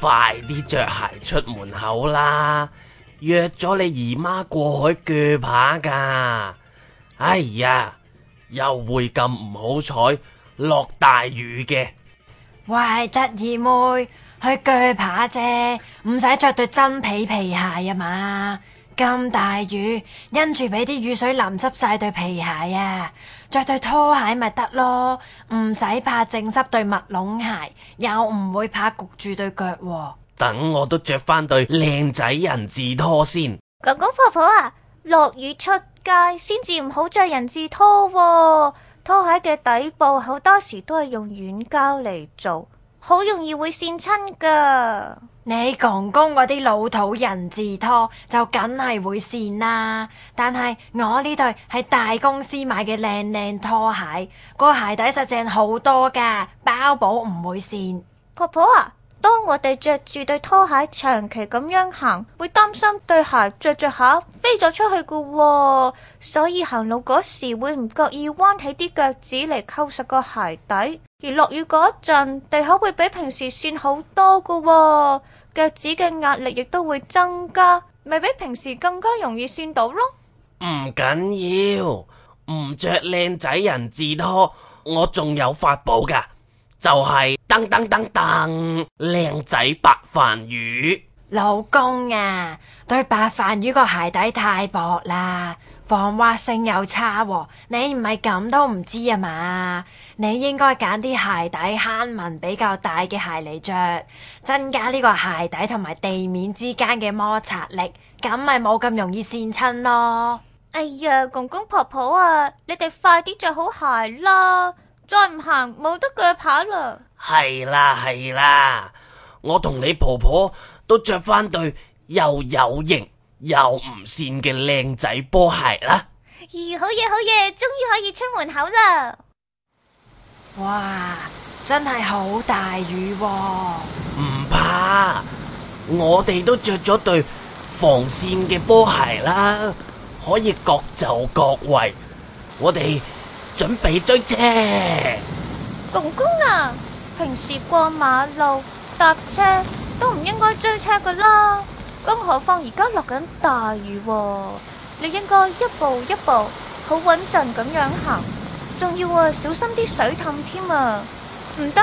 快啲着鞋出門口啦！約咗你姨媽過去鋸扒㗎，哎呀，又會咁唔好彩，落大雨嘅。喂，侄二妹，去鋸扒啫，唔使着對真皮皮鞋啊嘛。咁大雨，因住俾啲雨水淋濕晒對皮鞋啊，着對拖鞋咪得咯，唔使怕淨濕對襪攏鞋，又唔會怕焗住對腳。等我都着翻對靚仔人字拖先。公公婆婆啊，落雨出街先至唔好着人字拖，哦，拖鞋嘅底部好多時都係用軟膠嚟做，好容易會跣親噶。你公公嗰啲老土人字拖就梗係會跣啦，但係我呢對係大公司買嘅靚靚拖鞋，個鞋底實淨好多噶，包保唔會跣。婆婆啊，當我哋着住對拖鞋長期咁樣行，會擔心對鞋着着下飛咗出去噶喎，所以行路嗰時會唔覺意彎起啲腳趾嚟扣實個鞋底。而落雨嗰一陣，地口會比平時跣好多噶、哦，腳趾嘅壓力亦都會增加，咪比平時更加容易跣到咯。唔緊要，唔着靚仔人字拖，我仲有法寶噶，就係噔噔噔噔，靚仔白飯魚。老公啊，對白飯魚個鞋底太薄啦。防滑性又差喎，你唔係咁都唔知啊嘛？你應該揀啲鞋底坑紋比較大嘅鞋嚟着，增加呢個鞋底同埋地面之間嘅摩擦力，咁咪冇咁容易跣親咯。哎呀，公公婆婆，婆啊，你哋快啲着好鞋啦，再唔行冇得腳跑啦。係啦係啦，我同你婆婆都着翻對又有型。有唔線嘅靚仔波鞋啦！咦，好嘢好嘢，終於可以出門口啦！哇，真係好大雨喎、哦！唔怕，我哋都着咗對防線嘅波鞋啦，可以各就各位。我哋準備追車。公公啊，平時過馬路搭車都唔應該追車㗎啦。更何況而家落緊大雨，啊，你應該一步一步好穩陣咁樣行，仲要啊小心啲水氹添啊！唔得，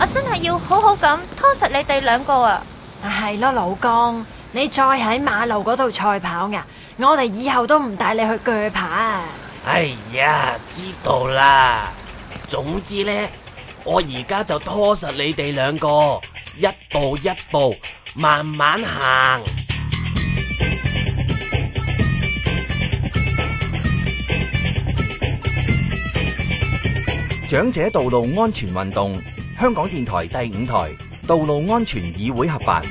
我真係要好好咁拖實你哋兩個啊！係咯，老公，你再喺馬路嗰度賽跑呀，啊，我哋以後都唔帶你去鋸扒啊！哎呀，知道啦。總之呢，我而家就拖實你哋兩個，一步一步。慢慢行。長者道路安全運動，香港電台第五台，道路安全議會合辦。